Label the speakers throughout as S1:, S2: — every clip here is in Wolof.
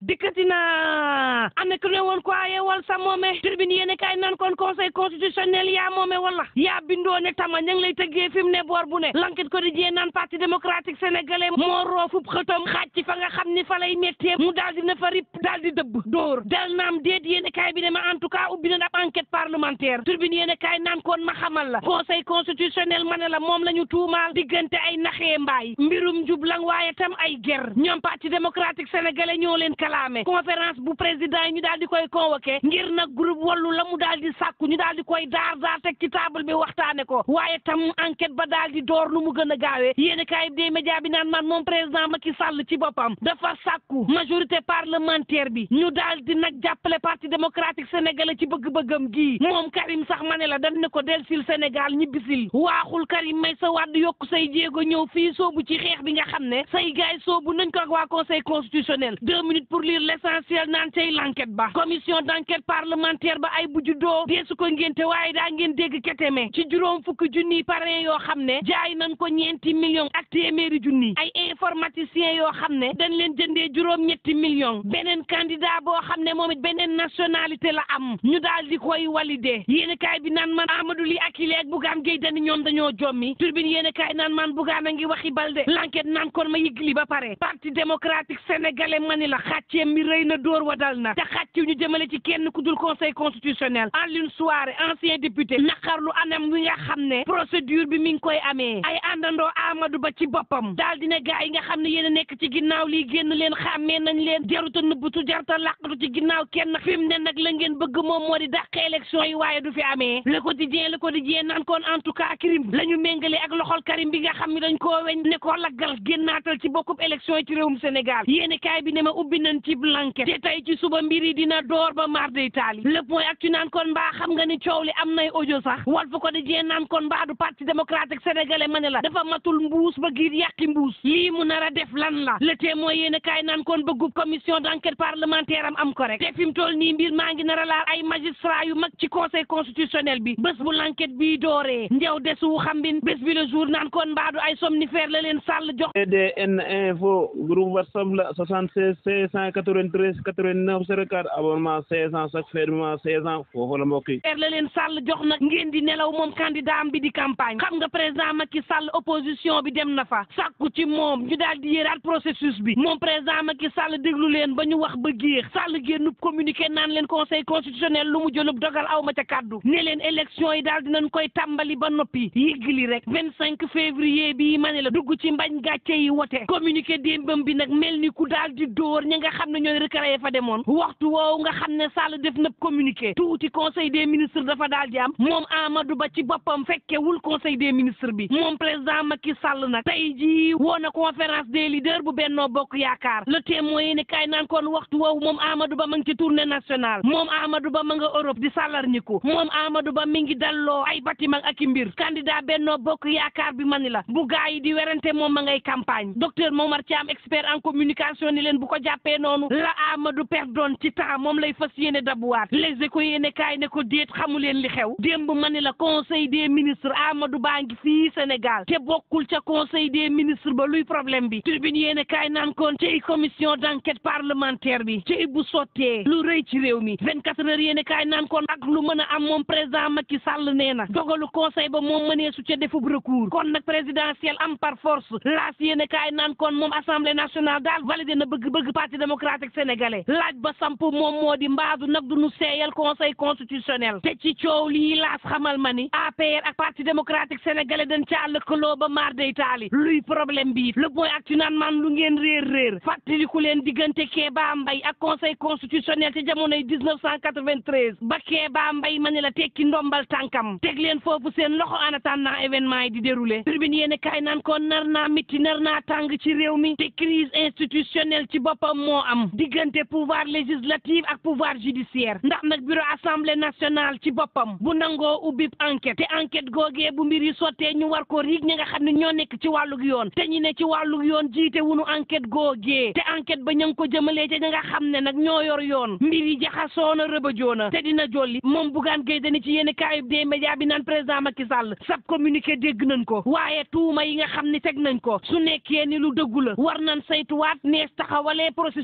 S1: dikkati na ana ku ne woon ko aye wal sa moome tribune yéen kaay nan conseil constitutionnel yaa moome wala yaa bindoo ne tama ña lay tëggee fi mu bu ne lanket ko di jee naan parti démocratique sénégalais moo roofub xëtam xaaj fa nga xam ni fa lay méttee mu daal di na fa rip daal di dëbb dóor dal naam déet yéen kaay bi ne ma en tout cas ubbi na ab enquête parlementaire tribune yéen naan kon ma xamal la conseil constitutionnel ma moom la ñu tuumaal diggante ay naxee mbaay mbirum njublang waaye tam ay ger ñoom kalaame conférence bu président yi ñu daal di koy convoqué ngir nag groupe wallu la mu daal di sàkku ñu daal koy daar daar teg ci table bi waxtaane ko waaye tam enquête ba daal di door lu mu gën a gaawee yéen kaay bi média bi naan man moom président Macky Sall ci boppam dafa sàkku majorité parlementaire bi ñu daal di nag jàppale parti démocratique sénégalais ci bëgg-bëggam gii moom Karim sax ma ne la dañ ne ko delsil Sénégal ñibbisil waaxul Karim may sa wàdd yokk say jéego ñëw fii soobu ci bi nga xam ne say gaay soobu nañ pour lire l'essentiel naan tey l'enquête ba commission d'enquête parlementaire ba ay bu juddoo deesu ko ngénte waaye daa ngeen dégg keteme ci juróom fukki junniy parrain yoo xam ne jaay nan ko ñeenti millions ak téeméeri junni ay informaticiens yoo xam ne dañ leen jëndee juróom ñetti millions beneen candidat boo xam ne moom it beneen nationalité la am ñu daal di koy walidé yéen kaay bi naan man Amadou ak Akile ak Bougane Gueye Dany ñoom dañoo jommi turbine yéen kaay naan man Bougane a ngi waxi balde l'enquête naan kon ma yëgli ba pare parti démocratique sénégalais mani la xaaj ceeb mi rëy na dóor wa dal na te xàcciw ñu jëmale ci kenn ku dul conseil constitutionnel en une soirée ancien député naqarlu anam wi nga xam ne procédure bi mi ngi koy ame ay àndandoo Amadou Ba ci boppam daal dina gaa yi nga xam ne yéen nekk ci ginnaaw lii génn leen xàmmee nañ leen jaruta nëbbutu jaruta làqatu ci ginnaaw kenn fi mu ne nag la ngeen bëgg moom moo di dàq élection yi waaye du fi amee le quotidien le quotidien naan kon en tout cas Karim la ñu méngale ak loxol Karim bi nga xam ne dañ koo weñ ne koo laggal génnaatal ci bokkub élection ci réewum Sénégal yéen kaay bi nañ ci cib lanket te tey ci suba mbiri dina door ba mardi taali le point ak ci naan kon mbaa xam nga ni coow li am nay audio sax Walf Quotidien naan kon mbaa du parti démocratique sénégalais ma ne la dafa matul mbuus ba giir yàqi mbuus lii mu nar a def lan la le témoin yéen a kaay naan kon bëggub commission d'enquête parlementaire am am ko rek te fi mu toll nii mbir maa ngi nar a laal ay magistrat yu mag ci conseil constitutionnel bi bés bu l'enquête bii dooree njaw desuwu xam bin bés bi le jour naan kon mbaa ay somnifère la leen sàll jox. EDN info groupe WhatsApp la 76 493 89 04 abonnement la leen Sall jox nag ngeen di nelaw moom candidat bi di campagne xam nga président Macky Sall opposition bi dem na fa sàkku ci moom ñu daal di yéeraat bi moom président Macky Sall déglu leen ba ñu wax ba géex Sall génnub communiqué naan leen conseil constitutionnel lu mu jëlub dogal aw ma ca kàddu ne leen élection yi daal dinañ koy tàmbali ba noppi yëggali rek 25 février bi ma ne la dugg ci mbañ gàcce yi wote communiqué xam ne ñooy recréer fa demoon waxtu woowu nga xam ne Sall def na communiqué tuuti conseil des ministres dafa daal di am moom Amadou Ba ci boppam fekkewul conseil des ministres bi moom président Macky Sall nag tey jii woo na conférence des leaders bu Benno Bokk Yaakaar le témoin yi ne kaay naan kon waxtu woowu moom Amadou Ba ma ngi ci tournée nationale moom Amadou Ba ma nga Europe di sàllar ñiku moom Amadou Ba mi ngi dalloo ay bâtiment ak i mbir candidat bi mani la yi di werante moom ma ngay campagne docteur Momar Thiam expert en communication ni bu ko jàppee noonu la Amadou Perdon ci temps moom lay fas yéene dabuwaat les éco yéene kaay ne ko déet xamu leen li xew démb ma ni la conseil des ministres Amadou baa ngi fii Sénégal te bokkul ca conseil des ministres ba luy problème bi tribune yéene kaay naan kon ci commission d'enquête parlementaire bi ci bu sottee lu rëy ci réew mi 24 kaay naan kon ak lu mën a am moom président Macky Sall nee na dogalu conseil ba moom mënee su ca defub recours kon nag présidentiel am par force laas yéene kaay naan kon moom assemblée nationale daal démocratique sénégalais laaj ba samp moom moo di mbaadu nag du nu seeyal conseil constitutionnel te ci coow lii laas xamal ma ni APR ak parti démocratique sénégalais dañ caa lëkkaloo ba maar day taali luy problème bii le point ak ci naan man lu ngeen réer réer fàttaliku leen diggante Kéba Mbaye ak conseil constitutionnel ci jamonoy 1993 ba Kéba Mbaye ma ne la tekki ndombal tànkam teg leen foofu seen loxo en attendant événement yi di déroulé tribune yéen kaay naan ko ci réew mi te crise ci boppam moo am diggante pouvoir législatif ak pouvoir judiciaire ndax nag bureau assemblée nationale ci boppam bu nangoo ubbi enquête te enquête googee bu mbir yi sottee ñu war ko riig ñi nga xam ne ñoo nekk ci wàllug yoon te ñu ne ci wàllug yoon jiite wunu enquête googee te enquête ba ña ngi ko jëmalee ca ña nga xam ne nag ñoo yor yoon mbir yi jaxasoona rëbëjoona te dina jolli moom bugaan géy dani ci yéen kaayub des médias bi naan président Macky Sall sab communiqué dégg nañ ko waaye tuuma yi nga xam ne teg nañ ko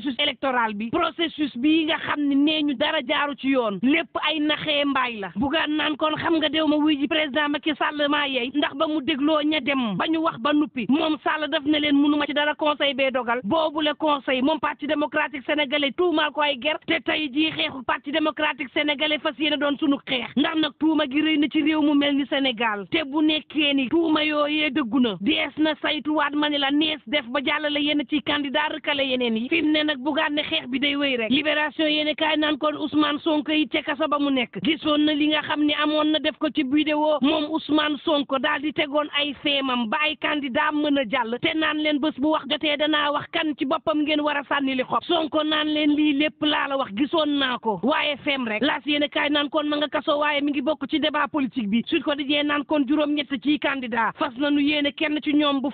S1: processus électoral bi processus bii nga xam ne nee ñu dara jaaru ci yoon lépp ay naxee mbaay la bugaan naan kon xam nga dew ma wuy ji président Macky Sall maa yey ndax ba mu dégloo ña dem ba ñu wax ba nuppi moom Sall def na leen mënuma ci dara conseil bee dogal boobu boobule conseil moom parti démocratique sénégalais tuumaal ko ay ger te tey jii xeexu parti démocratique sénégalais fas yéene doon sunu xeex ndax nag tuuma gi rëy na ci réew mu mel ni Sénégal te bu nekkee ni tuuma yooyee dëggu na dees na saytuwaat ma la nees ba jàllale yenn ci candidat rëkkale nag bugaan ne xeex bi day wéy rek libération yéene kaay naan kon Ousmane Sonko yi ca kaso ba mu nekk gisoon na li nga xam ne amoon na def ko ci vidéo moom Ousmane Sonko daal di tegoon ay feemam ba ay candidat mën a jàll te naan leen bés bu wax jotee danaa wax kan ci boppam ngeen war a sànni li xob Sonko naan leen lii lépp laa la wax gisoon naa ko waaye feem rek laas yéene kaay naan kon ma nga kaso waaye mi ngi bokk ci débat politique bi Sud Quotidien naan kon juróom-ñett ci candidat fas nañu yéene kenn ci ñoom bu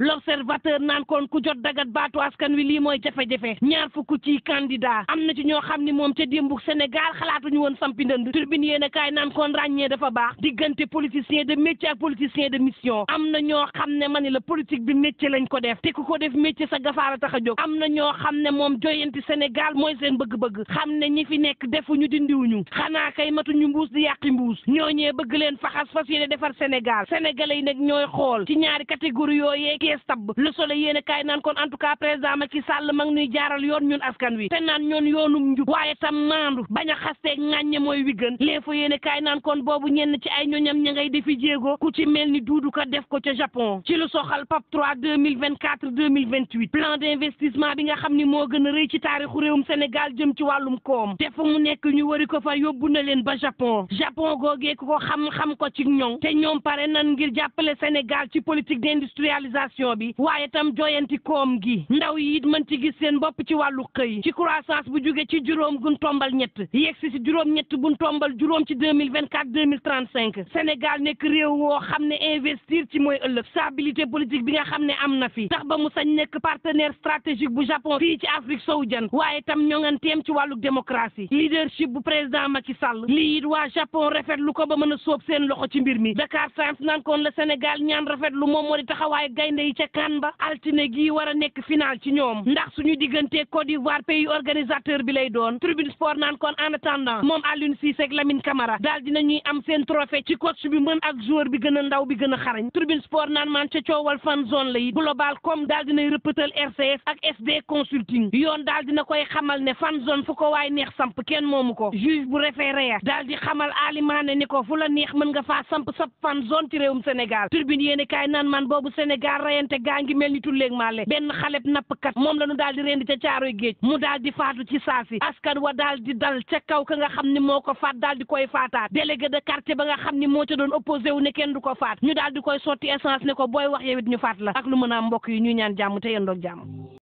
S1: l'observateur naan kon ku jot dagat baatu askan wi lii mooy jafe-jafe ñaar fukk ci candidat am na ci ñoo xam ni moom ca démbuk Sénégal xalaatuñu woon sampi ndënd turbine yéen a kaay naan kon ràññee dafa baax diggante politicien de métier ak politicien de mission am na ñoo xam ne ma ni la politique bi métier lañ ko def te ku ko def métier sa gafaara tax a jóg am na ñoo xam ne moom joyanti Sénégal mooy seen bëgg-bëgg xam ne ñi fi nekk defuñu ñu xanaa kay matuñu mbuus di yàqi mbuus ñooñee bëgg leen faxas fas yéene defar Sénégal sénégalais yi nag ñooy xool ci ñaari catégorie yooyee kees tabb le soleil yéen a kaay naan kon en tout cas président Macky Sall mag nuy jaaral yoon ñun askan wi te naan ñoon yoonum njub waaye tam maandu bañ a xastee ŋàññe mooy wi gën léefo yéen kaay naan kon boobu ñenn ci ay ñoñam ña ngay defi jéego ku ci mel ni duudu ko def ko ca Japon ci lu soxal PAP 3 2024 2028 plan d'investissement bi nga xam ni moo gën a rëy ci taarixu réewum Sénégal jëm ci wàllum koom te mu nekk ñu wari ko fa yóbbu na leen ba Japon Japon googee ku ko xam-xam ko ci ñoŋ te ñoom pare nan ngir jàppale Sénégal ci politique d'industrialisation inflation bi waaye tam joyanti koom gi ndaw yi it mën ci gis seen bopp ci wàllu xëy ci croissance bu jóge ci juróom gun tombal ñett yegsi si juróom-ñett bun tombal juróom ci deux mille vingt quatre deux mille trente cinq Sénégal nekk réew woo xam ne investir ci mooy ëllëg stabilité politique bi nga xam ne am na fi tax ba mu sañ nekk partenaire stratégique bu Japon fii ci Afrique sowu jan waaye tam ñoŋanteem ci wàllu démocratie leadership bu président ma ci sàll lii it waa Japon rafetlu ko ba mën a sóob seen loxo ci mbir mi Dakar Times naan kon Sénégal ñaan rafetlu moom moo di taxawaay gaynde sénégalais yi ca kan ba altine gii war a nekk final ci ñoom ndax suñu diggante Côte d'Ivoire pays organisateur bi lay doon tribune sport naan kon en attendant moom Aliou Cissé ak Lamine Camara daal dina ñuy am seen trophée ci coach bi mën ak joueur bi gën a ndaw bi gën a xarañ tribune sport naan man ca coowal fan zone la it global comme daal dinay rëppatal RCS ak SD consulting yoon daal dina koy xamal ne fan zone fu ko waay neex samp kenn moomu ko juge bu référé ya daal di xamal alimaane ko fu neex mën nga faa samp sab fan zone ci réewum Sénégal tribune yéene kaay rayante gaa ngi mel ni tulleeg maale benn xaleb kat moom la nu daal di rendi ca caaroy géej mu daal di faatu ci saasi askan wa daal di dal ca kaw ka nga xam ni moo ko faat daal di koy faataat délégué de quartier ba nga xam ni moo ca doon opposé wu ne kenn du ko faat ñu daal di koy sotti essence ne ko booy wax yow it ñu faat la ak lu mën a mbokk yi ñuy ñaan jàmm te yendoog jàmm